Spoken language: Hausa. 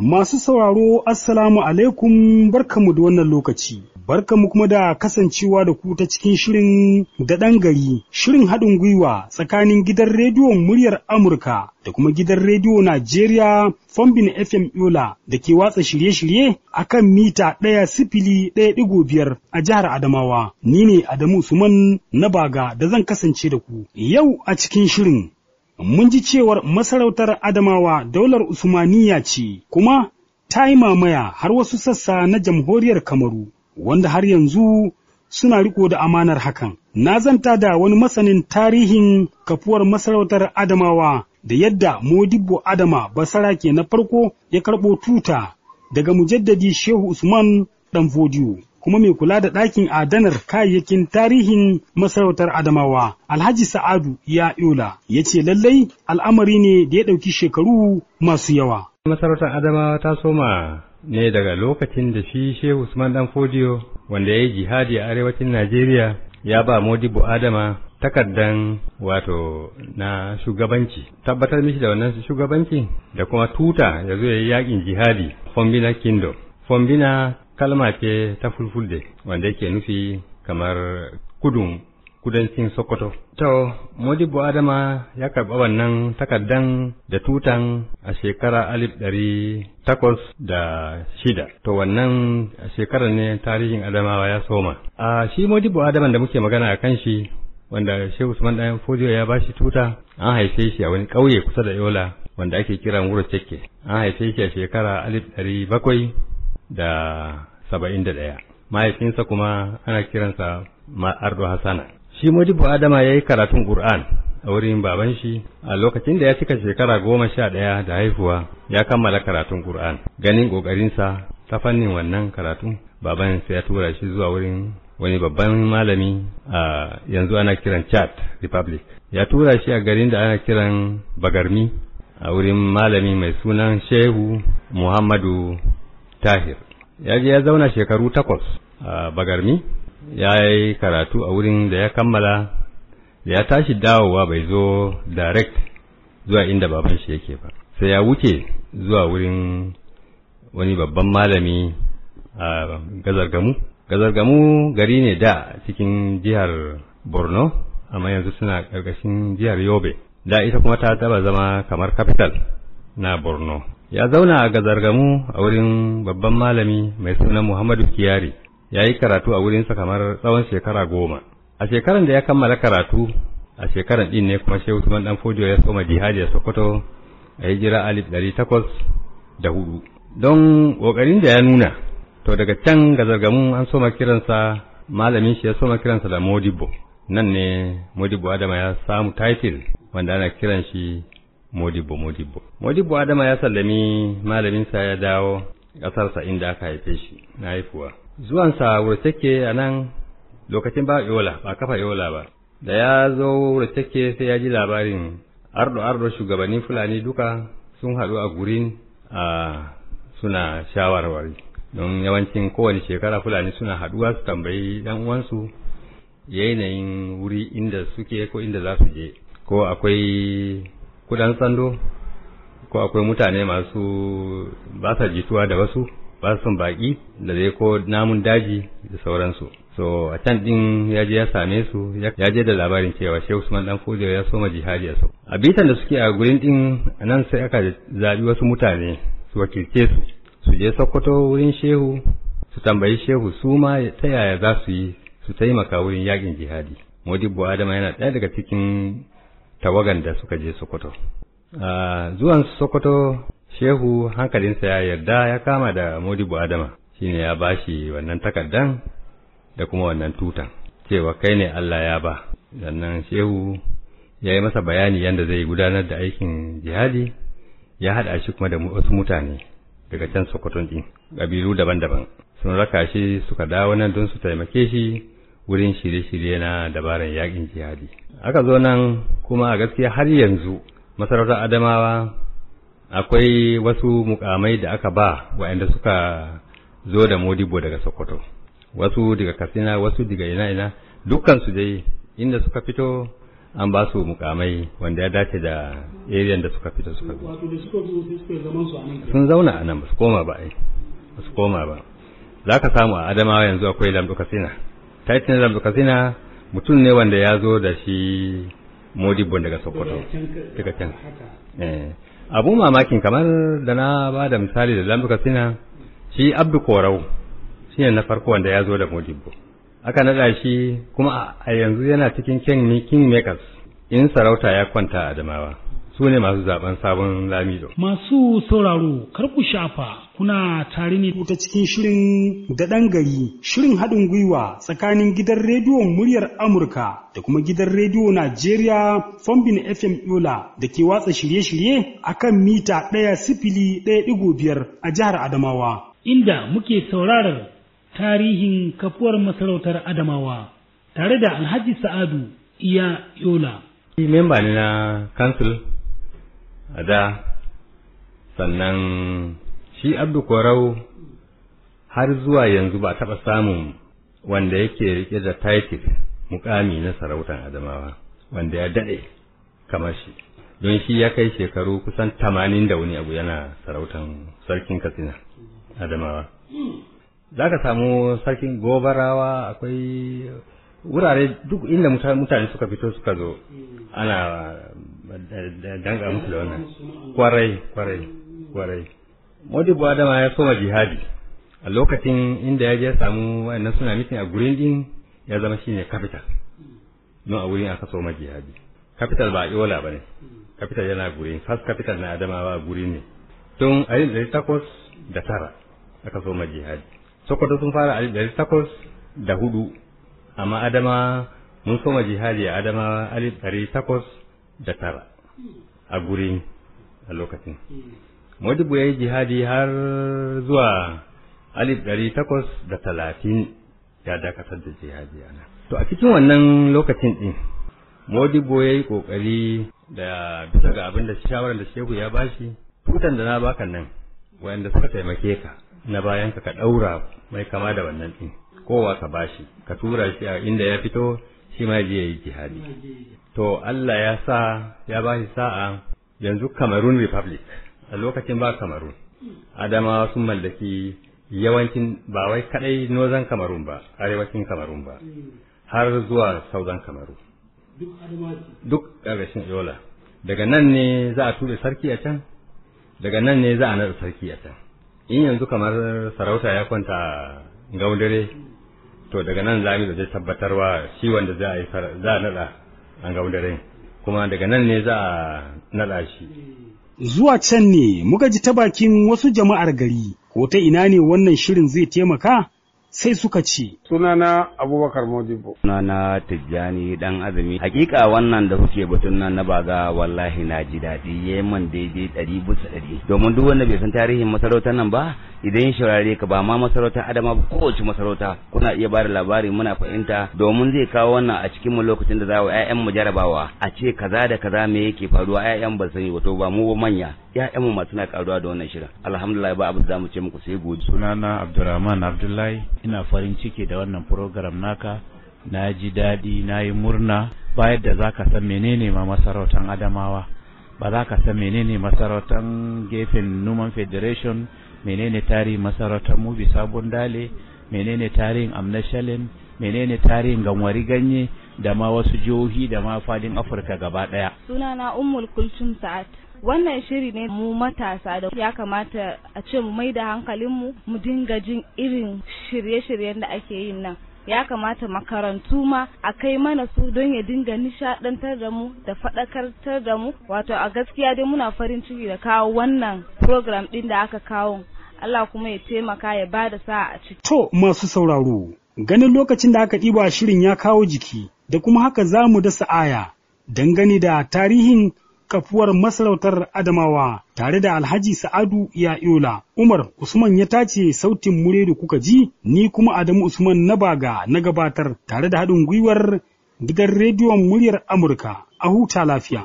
Masu sauraro Assalamu alaikum barkamu da wannan lokaci. Barkamu kuma da kasancewa da ku ta cikin shirin da ɗan gari, shirin haɗin gwiwa tsakanin gidan rediyon muryar Amurka da kuma gidan rediyo Najeriya Fombin FM Yola da ke watsa shirye-shirye a kan mita ɗaya sifili ɗaya ɗigo biyar a jihar Adamawa. Ni ne Adamu Suman na baga da zan kasance da ku. Yau a cikin shirin mun ji cewar masarautar Adamawa daular usmaniyya ce, kuma ta yi mamaya har wasu sassa na jamhuriyar Kamaru, wanda har yanzu suna riko da amanar hakan. Na zanta da wani masanin tarihin kafuwar masarautar Adamawa da yadda Modibbo Adama basara ke na farko ya karɓo tuta daga mujaddadi Shehu Usman Danfodiyo. kuma mai kula da ɗakin adanar kayayyakin tarihin masarautar Adamawa, Alhaji Sa'adu ya Yola, ya ce lallai al'amari ne da ya ɗauki shekaru masu yawa. Masarautar Adamawa ta soma ne daga lokacin da shi Shehu Usman Dan Fodiyo wanda ya yi jihadi a arewacin Najeriya ya ba Modibo Adama takardan wato na shugabanci tabbatar mishi da wannan shugabanci da kuma tuta ya zo ya yi yakin jihadi Fombina Kingdom. Fombina kalma ce ta fulfulde wanda yake nufi kamar kudun kudancin Sokoto. To, Modibo Adama ya karɓa wannan takardan da tutan a shekara alif ɗari takwas da shida. To, wannan shekarar ne tarihin Adamawa ya soma. A shi Modibo Adama da muke magana a kan shi, wanda Shehu Usman Ɗayan Fojiyo ya ba shi tuta, an haife shi a wani ƙauye kusa da Yola, wanda ake kira Wuro Cekke. An haife shi a shekara alif ɗari bakwai da saba'in da ɗaya mahaifinsa kuma ana kiransa ma'ardo hasana shi mujibu adama ya yi karatun qur'an a wurin baban shi a lokacin da ya cika shekara goma sha ɗaya da haihuwa ya kammala karatun qur'an ganin ƙoƙarinsa ta fannin wannan karatun baban sai ya tura shi zuwa wurin wani babban malami a yanzu ana kiran chad republic ya tura shi a garin da ana kiran bagarmi a wurin malami mai sunan shehu muhammadu tahir ya je ya zauna shekaru takwas a bagarmi ya yi karatu a wurin da ya kammala da ya tashi dawowa bai zo direct zuwa inda baban shi yake ba sai ya wuce zuwa wurin wani babban malami a gazargamu gazargamu gari ne da cikin jihar borno amma yanzu suna ƙarƙashin jihar yobe da ita kuma ta taba zama kamar capital na borno ya zauna a gazargamu a wurin babban malami mai sunan Muhammadu Kiyari ya yi karatu a wurinsa kamar tsawon shekara goma. A shekaran da ya kammala karatu a shekaran ɗin ne kuma Shehu Usman ɗan Fojo ya soma jihadi a Sokoto a hijira alif ɗari takwas da hudu. Don ƙoƙarin da ya nuna to daga can gazargamu an soma kiransa malamin shi ya soma kiransa da Modibo. Nan ne Modibo Adama ya samu title wanda ana kiran shi Modibo Modibo. Modibo Adama ya sallami malaminsa ya dawo ƙasarsa inda aka haife shi na haifuwa. Zuwansa Wurtake a nan lokacin ba Yola ba kafa Yola ba. Da ya zo Wurtake sai ya ji labarin ardo ardo shugabanni Fulani duka sun haɗu a gurin a suna shawarwari. Don yawancin kowane shekara Fulani suna haɗuwa su tambayi ɗan uwansu yanayin wuri inda suke ko inda za su je ko akwai kudan sando ko akwai mutane masu ba sa jituwa da wasu ba su baki da zai ko namun daji da sauransu so a can din ya je ya same su ya je da labarin cewa shehu usman dan fujo ya soma jihadi a sau a bitan da suke a gurin din nan sai aka zabi wasu mutane su wakilce su su je sokoto wurin shehu su tambayi shehu su ma ta yaya za su yi su taimaka wurin yakin jihadi modibu adama yana ɗaya daga cikin tawagan da suka je Sokoto. Zuwan Sokoto Shehu hankalinsa ya yarda ya kama da Modibo Adama shine ya ba shi wannan takardan da kuma wannan tutan cewa kai ne Allah ya ba. Sannan Shehu ya yi masa bayani yadda zai gudanar da aikin jihadi ya haɗa shi kuma da wasu mutane daga can Sokoto ɗin ƙabilu daban-daban. Sun raka shi suka dawo nan don su taimake shi wurin shirye-shirye na dabarar yakin jihadi aka zo nan kuma a gaskiya har yanzu masarautar adamawa akwai wasu mukamai da aka ba waɗanda suka zo da modibo daga sokoto wasu daga katsina wasu daga ina-ina dukkansu dai inda suka fito an ba su mukamai wanda ya dace da ariyan da suka fito suka sun zauna a nan ba su koma ba za ka samu a adamawa yanzu akwai lamɗo katsina titan zambu kasina mutum ne wanda ya zo da shi modibon daga sokoto daga eh, can eh, abu mamakin kamar da na ba da misali da zambu shi abdu korau shi ne na farko wanda ya zo da modibbo aka nada shi kuma a yanzu yana cikin king makers in sarauta ya kwanta adamawa su ne masu zaben sabon lamido. Masu sauraro kar ku shafa kuna tare ne ta cikin shirin daɗan gari shirin haɗin gwiwa tsakanin gidan rediyon muryar Amurka da kuma gidan rediyo Najeriya Fombin FM Yola da ke watsa shirye-shirye a kan mita ɗaya sifili ɗaya ɗigo biyar a jihar Adamawa. Inda muke sauraron tarihin kafuwar masarautar Adamawa tare da Alhaji Sa'adu Iya Yola. Memba ne na kansul a da sannan shi abdu korau har zuwa yanzu ba taɓa samun wanda yake riƙe da title mukami na sarautar adamawa wanda ya daɗe kamar shi don shi ya kai shekaru kusan tamanin da wani abu yana sarautar sarkin katsina adamawa za ka samu sarkin gobarawa akwai wurare duk inda mutane suka fito suka zo ana danga musu da wannan kwarai kwarai kwarai modibo adama ya soma jihadi a lokacin inda ya je samu wayannan suna mitin a gurin din ya zama shine capital don a wurin aka soma jihadi capital ba iola ba ne capital yana gurin first capital na adamawa a gurin ne tun a yin ɗari takwas da tara aka soma jihadi sokoto sun fara a ɗari takwas da hudu amma adama mun soma jihadi a adama alif ɗari takwas da tara a guri a lokacin modibu ya yi jihadi har zuwa alif ɗari takwas da talatin ya dakatar da jihadi ana to a cikin wannan lokacin ɗin modibo ya yi ƙoƙari da bisa ga abin da shawarar da shehu ya bashi tutan da na baka nan wayanda suka taimake ka na bayan ka ka ɗaura mai kama da wannan ɗin kowa ka bashi ka tura shi a inda ya fito shi ma je yayi jihadi to Allah ya sa ya ba shi sa'a yanzu Cameroon Republic a lokacin ba Cameroon adama sun mallaki yawancin ba wai kadai Northern Cameroon ba arewacin Cameroon ba har zuwa Southern Cameroon duk ƙarƙashin Yola daga nan ne za a tuɓe sarki a can daga nan ne za a naɗa sarki a can in yanzu kamar sarauta ya kwanta gaudare to daga nan lami da zai tabbatarwa shi wanda za a yi za a nada an ga kuma daga nan ne za a nada shi zuwa can ne muka ji ta bakin wasu jama'ar gari ko ta ina ne wannan shirin zai taimaka sai suka ce. Sunana Abubakar Modibo. Sunana Tijjani dan azumi. Hakika wannan da kuke batun nan na baga wallahi na ji daɗi ya man daidai ɗari bisa ɗari. Domin duk wanda bai san tarihin masarautar nan ba idan ya shaurare ka ba ma masarautar Adama ba kowace masarauta kuna iya ba da labari muna fahimta domin zai kawo wannan a cikin mu lokacin da za wa 'ya'yan mu jarabawa a ce kaza da kaza me yake faruwa 'ya'yan ba sani wato ba mu manya. ƴaƴanmu masu suna karuwa da wannan shirin alhamdulillah ba abin zamu ce muku sai gode sunana abdurrahman abdullahi ina farin ciki da wannan program naka na ji daɗi na yi murna ba yadda za ka san menene ma masarautar adamawa ba za ka san menene masarautar gefen numan federation menene tarihin masarautar mubi sabon dale menene tarihin amnashalin menene tarihin ganwari ganye da ma wasu jihohi da ma fadin afirka gaba ɗaya sunana ummul kultum sa'ad wannan shiri ne mu matasa da ya kamata a ce mu mai da hankalinmu mu dinga jin irin shirye-shiryen da ake yin nan ya kamata makarantu ma a kai mana su don ya dinga nishadantar da mu da faɗakartar da mu wato a gaskiya dai muna farin ciki da kawo wannan program ɗin da aka kawo Allah kuma ya taimaka ya ba da sa'a a ciki. To masu sauraro ganin lokacin da aka ɗiba shirin ya kawo jiki da kuma haka za mu dasa aya dangane da tarihin kafuwar masarautar Adamawa tare da Alhaji Sa'adu ya Iola. Umar Usman ya tace sautin muredu kuka ji, ni kuma Adamu Usman na baga na gabatar tare da haɗin gwiwar gidan rediyon muryar Amurka a huta lafiya.